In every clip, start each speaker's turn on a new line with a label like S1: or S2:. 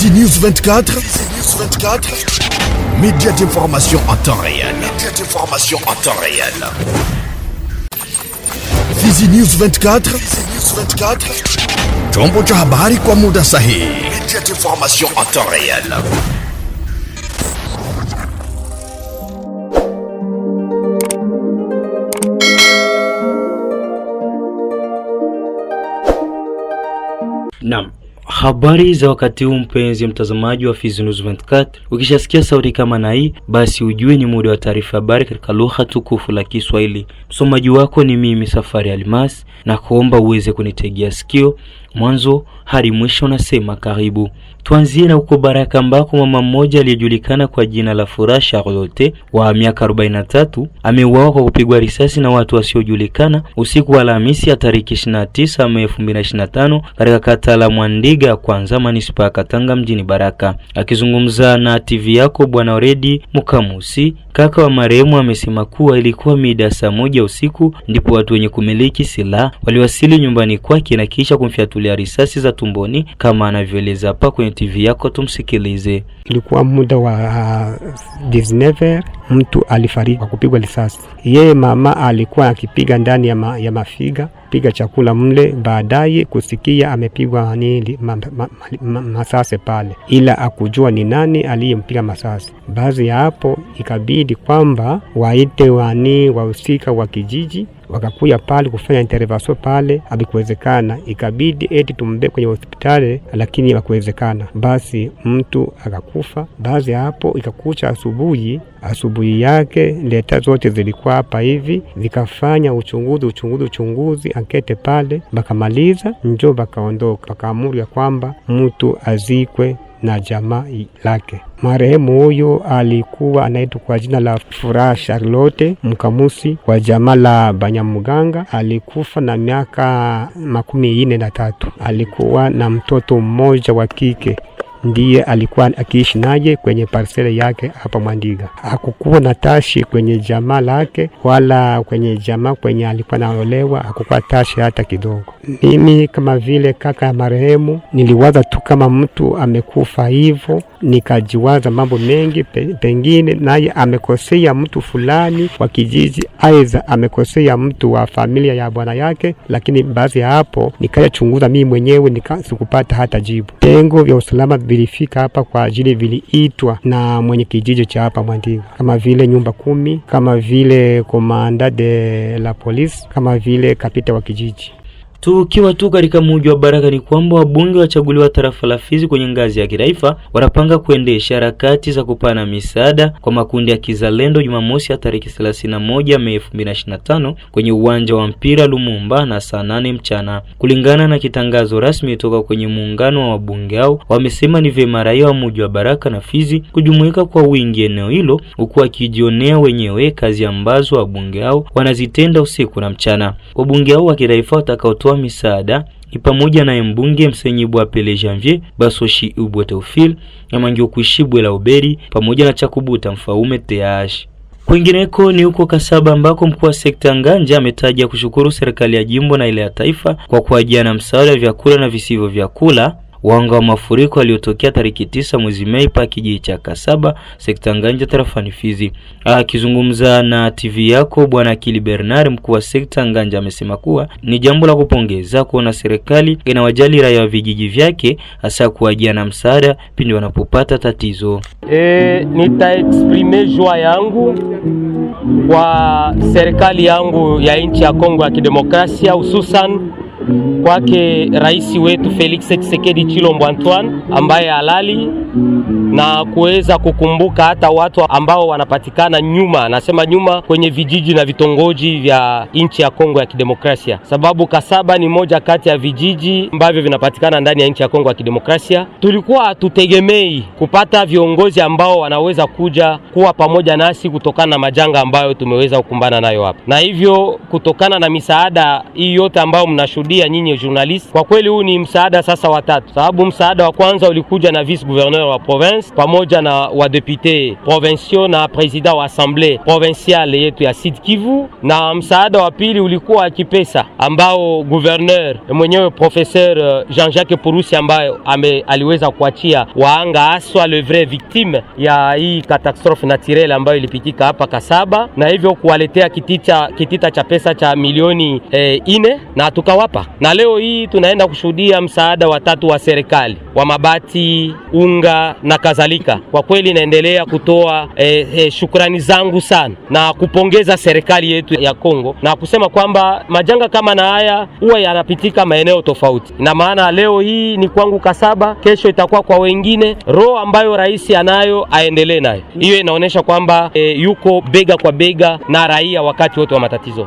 S1: Easy News 24. Easy News 24. Média d'information en temps réel. Média d'information en temps réel. Easy News 24. Easy News 24. Chombo cha habari kwa muda sahihi. Média d'information en temps réel. Nam, Habari za wakati huu mpenzi mtazamaji wa Fizi News 24. Ukishasikia sauti kama na hii, basi ujue ni muda wa taarifa habari katika lugha tukufu la Kiswahili. Msomaji wako ni mimi Safari Almas, na kuomba uweze kunitegea sikio mwanzo hadi mwisho, nasema karibu. Tuanzie na huko Baraka ambako mama mmoja aliyejulikana kwa jina la Furaha Charlotte wa miaka 43 ameuawa kwa kupigwa risasi na watu wasiojulikana usiku wa Alhamisi ya tariki 29 Mei 2025 katika kata la Mwandiga kwanza manispa ya Katanga mjini Baraka. Akizungumza na TV yako Bwana Oredi Mukamusi, kaka wa marehemu, amesema kuwa ilikuwa mida ya saa moja usiku ndipo watu wenye kumiliki silaha waliwasili nyumbani kwake na kisha kumfyatua kujitulia risasi za tumboni, kama anavyoeleza hapa kwenye TV yako. Tumsikilize.
S2: Ilikuwa muda wa uh, mtu alifariki kwa kupigwa risasi. Yeye mama alikuwa akipiga ndani ya, ma, ya mafiga piga chakula mle, baadaye kusikia amepigwa ni ma, ma, ma, masase pale, ila akujua ni nani aliyempiga masase. Baadhi ya hapo ikabidi kwamba waite wani wahusika wa kijiji wakakuya pale kufanya intervention pale, abikuwezekana. Ikabidi eti tumbe kwenye hospitali, lakini hakuwezekana. Basi mtu akakufa. Baadhi ya hapo ikakucha asubuhi, asubuhi yake leta zote zilikuwa hapa hivi, zikafanya uchunguzi uchunguzi uchunguzi ankete pale, bakamaliza njo bakaondoka, bakaamuru ya kwamba mtu azikwe na jamaa lake. Marehemu huyo alikuwa anaitwa kwa jina la Furaha Charlotte Mkamusi wa jamaa la Banyamuganga. Alikufa na miaka makumi ine na tatu. Alikuwa na mtoto mmoja wa kike ndiye alikuwa akiishi naye kwenye parsele yake hapa Mwandiga. Hakukuwa na tashi kwenye jamaa lake wala kwenye jamaa kwenye alikuwa naolewa, hakukuwa tashi hata kidogo. Mimi kama vile kaka ya marehemu niliwaza tu kama mtu amekufa hivyo nikajiwaza mambo mengi, pengine naye amekosea mtu fulani wa kijiji, aidha amekosea mtu wa familia ya bwana yake. Lakini baadhi ya hapo nikayachunguza mimi mwenyewe, sikupata hata jibu. Vitengo vya usalama vilifika hapa kwa ajili, viliitwa na mwenye kijiji cha hapa Mwandiga, kama vile nyumba kumi, kama vile komanda de la polisi, kama vile kapita wa kijiji
S1: Tukiwa tu katika muji wa Baraka ni kwamba wabunge wachaguliwa tarafa la Fizi kwenye ngazi ya kitaifa wanapanga kuendesha harakati za kupana misaada kwa makundi ya kizalendo Jumamosi ya tariki 31 Mei 2025 kwenye uwanja wa mpira Lumumba na saa nane mchana. Kulingana na kitangazo rasmi kutoka kwenye muungano wa wabunge hao, wamesema ni vyema raia wa muji wa Baraka na Fizi kujumuika kwa wingi eneo hilo, huku wakijionea wenyewe kazi ambazo wabunge hao wanazitenda usiku na mchana. Wabunge hao wa kitaifa watakao kutoa misaada ni pamoja naye mbunge Msenyibwa pele Janvier Basoshi Ubwe Teofil na la Laoberi pamoja na Chakubuta Mfaume Teashi. Kwingineko ni huko Kasaba ambako mkuu wa sekta Nganja ametaja kushukuru serikali ya jimbo na ile ya taifa kwa kuajiana msaada wa vyakula na visivyo vyakula Wanga wa mafuriko yaliyotokea tariki tisa mwezi Mei pa kijiji cha Kasaba sekta Nganja tarafani Fizi. Ah, akizungumza na TV yako Bwana kili Bernard, mkuu wa sekta Nganja, amesema kuwa ni jambo la kupongeza kuona serikali inawajali raia wa vijiji vyake, hasa kuwajia na msaada pindi wanapopata tatizo.
S3: E, nitaexprime joie yangu kwa serikali yangu ya nchi ya Kongo ya Kidemokrasia hususan kwake rais wetu Felix Tshisekedi Chilombo Antoine ambaye halali na kuweza kukumbuka hata watu ambao wanapatikana nyuma, nasema nyuma kwenye vijiji na vitongoji vya nchi ya Kongo ya Kidemokrasia, sababu Kasaba ni moja kati ya vijiji ambavyo vinapatikana ndani ya nchi ya Kongo ya Kidemokrasia. Tulikuwa hatutegemei kupata viongozi ambao wanaweza kuja kuwa pamoja nasi kutokana na majanga ambayo tumeweza kukumbana nayo hapa, na hivyo kutokana na misaada hii yote ambayo mnashuhudia nyinyi journalist, kwa kweli huu ni msaada sasa watatu, sababu msaada wa kwanza ulikuja na vice gouverneur wa province province pamoja na wadepute provinciaux na president wa assemble provinciale yetu ya Sud Kivu, na msaada wa pili ulikuwa Kipesa ambao gouverneur mwenyewe professeur euh, Jean-Jacques Purusi ambaye ame aliweza kuachia waanga aswa le vrai victime ya hii katastrofe naturelle ambayo ilipitika hapa Kasaba, na hivyo kuwaletea kitita, kitita cha pesa cha milioni e, ine na tukawapa, na leo hii tunaenda kushuhudia msaada wa tatu wa serikali wa mabati, unga na kadhalika. Kwa kweli naendelea kutoa e, e, shukrani zangu sana na kupongeza serikali yetu ya Kongo na kusema kwamba majanga kama na haya huwa yanapitika maeneo tofauti, na maana leo hii ni kwangu Kasaba, kesho itakuwa kwa wengine. Roho ambayo rais anayo aendelee nayo, hiyo inaonyesha kwamba e, yuko bega kwa bega na raia wakati wote wa matatizo.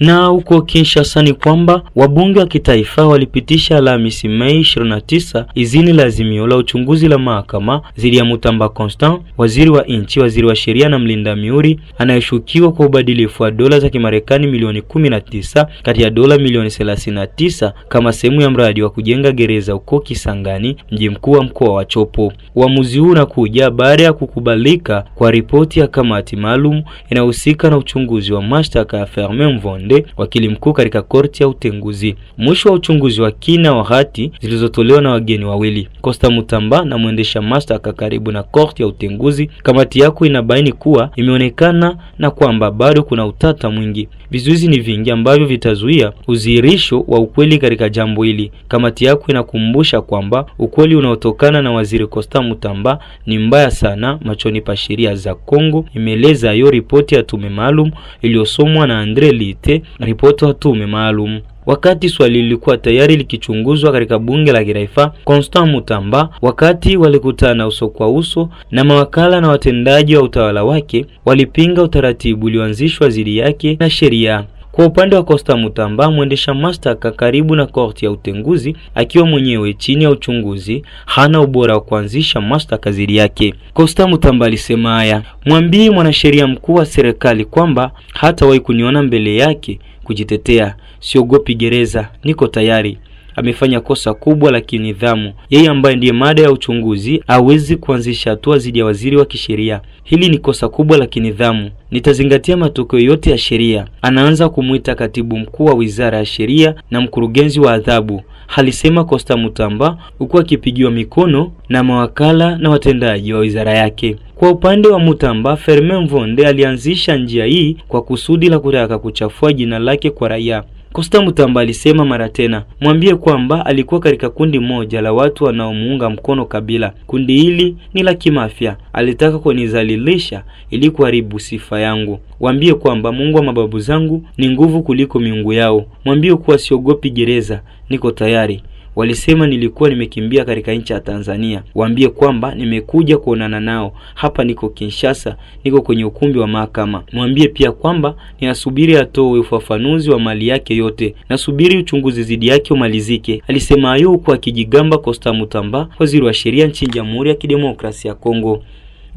S1: Na huko Kinshasa ni kwamba wabunge wa kitaifa walipitisha Alhamisi Mei 29 izini la azimio la uchunguzi la mahakama dhidi ya Mutamba Constant, waziri wa nchi, waziri wa sheria na mlinda miuri anayeshukiwa kwa ubadilifu wa dola za Kimarekani milioni 19 kati ya dola milioni 39 kama sehemu ya mradi wa kujenga gereza huko Kisangani, mji mkuu wa mkoa wa Chopo. Uamuzi huu unakuja baada ya kukubalika kwa ripoti ya kamati maalum inayohusika na uchunguzi wa mashtaka ya Firmin Mvoni Mende, wakili mkuu katika korti ya utenguzi. Mwisho wa uchunguzi wa kina wa hati zilizotolewa na wageni wawili Costa Mutamba na mwendesha mashtaka karibu na korti ya utenguzi, kamati yako inabaini kuwa imeonekana na kwamba bado kuna utata mwingi. Vizuizi ni vingi ambavyo vitazuia uzihirisho wa ukweli katika jambo hili. Kamati yako inakumbusha kwamba ukweli unaotokana na waziri Costa Mutamba ni mbaya sana machoni pa sheria za Kongo, imeeleza hiyo ripoti ya tume maalum iliyosomwa na Andre Lite, ripoti ya tume maalum. Wakati swali lilikuwa tayari likichunguzwa katika bunge la kiraifa Constant Mutamba, wakati walikutana uso kwa uso na mawakala na watendaji wa utawala wake, walipinga utaratibu ulioanzishwa dhidi yake na sheria kwa upande wa Costa Mutamba, mwendesha mashtaka karibu na korti ya utenguzi, akiwa mwenyewe chini ya uchunguzi, hana ubora wa kuanzisha mashtaka dhidi yake. Costa Mutamba alisema haya: mwambie mwanasheria mkuu wa serikali kwamba hatawahi kuniona mbele yake kujitetea. Siogopi gereza, niko tayari amefanya kosa kubwa la kinidhamu. Yeye ambaye ndiye mada ya uchunguzi hawezi kuanzisha hatua dhidi ya waziri wa kisheria. Hili ni kosa kubwa la kinidhamu. Nitazingatia matokeo yote ya sheria. Anaanza kumwita katibu mkuu wa wizara ya sheria na mkurugenzi wa adhabu, alisema Costa Mutamba, huku akipigiwa mikono na mawakala na watendaji wa wizara yake. Kwa upande wa Mutamba, Ferme Mvonde alianzisha njia hii kwa kusudi la kutaka kuchafua jina lake kwa raia. Costa Mutamba alisema mara tena, mwambie kwamba alikuwa katika kundi moja la watu wanaomuunga mkono Kabila. Kundi hili ni la kimafia, alitaka kunizalilisha ili kuharibu sifa yangu. Waambie kwamba Mungu wa mababu zangu ni nguvu kuliko miungu yao. Mwambie kuwa siogopi gereza, niko tayari. Walisema nilikuwa nimekimbia katika nchi ya Tanzania, waambie kwamba nimekuja kuonana nao hapa. Niko Kinshasa, niko kwenye ukumbi wa mahakama. Mwambie pia kwamba ninasubiri atoe ufafanuzi wa mali yake yote, nasubiri uchunguzi dhidi yake umalizike. Alisema hayo huku akijigamba Costa Mutamba, waziri wa sheria nchini Jamhuri ya Kidemokrasia ya Kongo.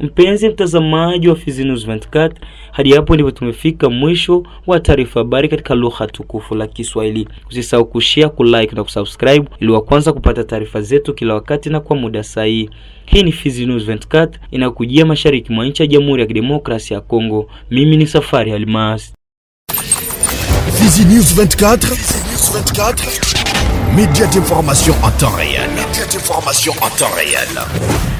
S1: Mpenzi mtazamaji wa Fizi News 24, hadi hapo ndipo tumefika mwisho wa taarifa habari katika lugha tukufu la Kiswahili. Usisahau kushare, kulike na kusubscribe ili wa kwanza kupata taarifa zetu kila wakati na kwa muda sahihi. Hii ni Fizi News 24 inakujia mashariki mwa nchi ya Jamhuri ya Kidemokrasia ya Kongo. Mimi ni Safari Almas. Fizi News 24, Fizi 24. Média d'information en temps réel. Média d'information en temps réel.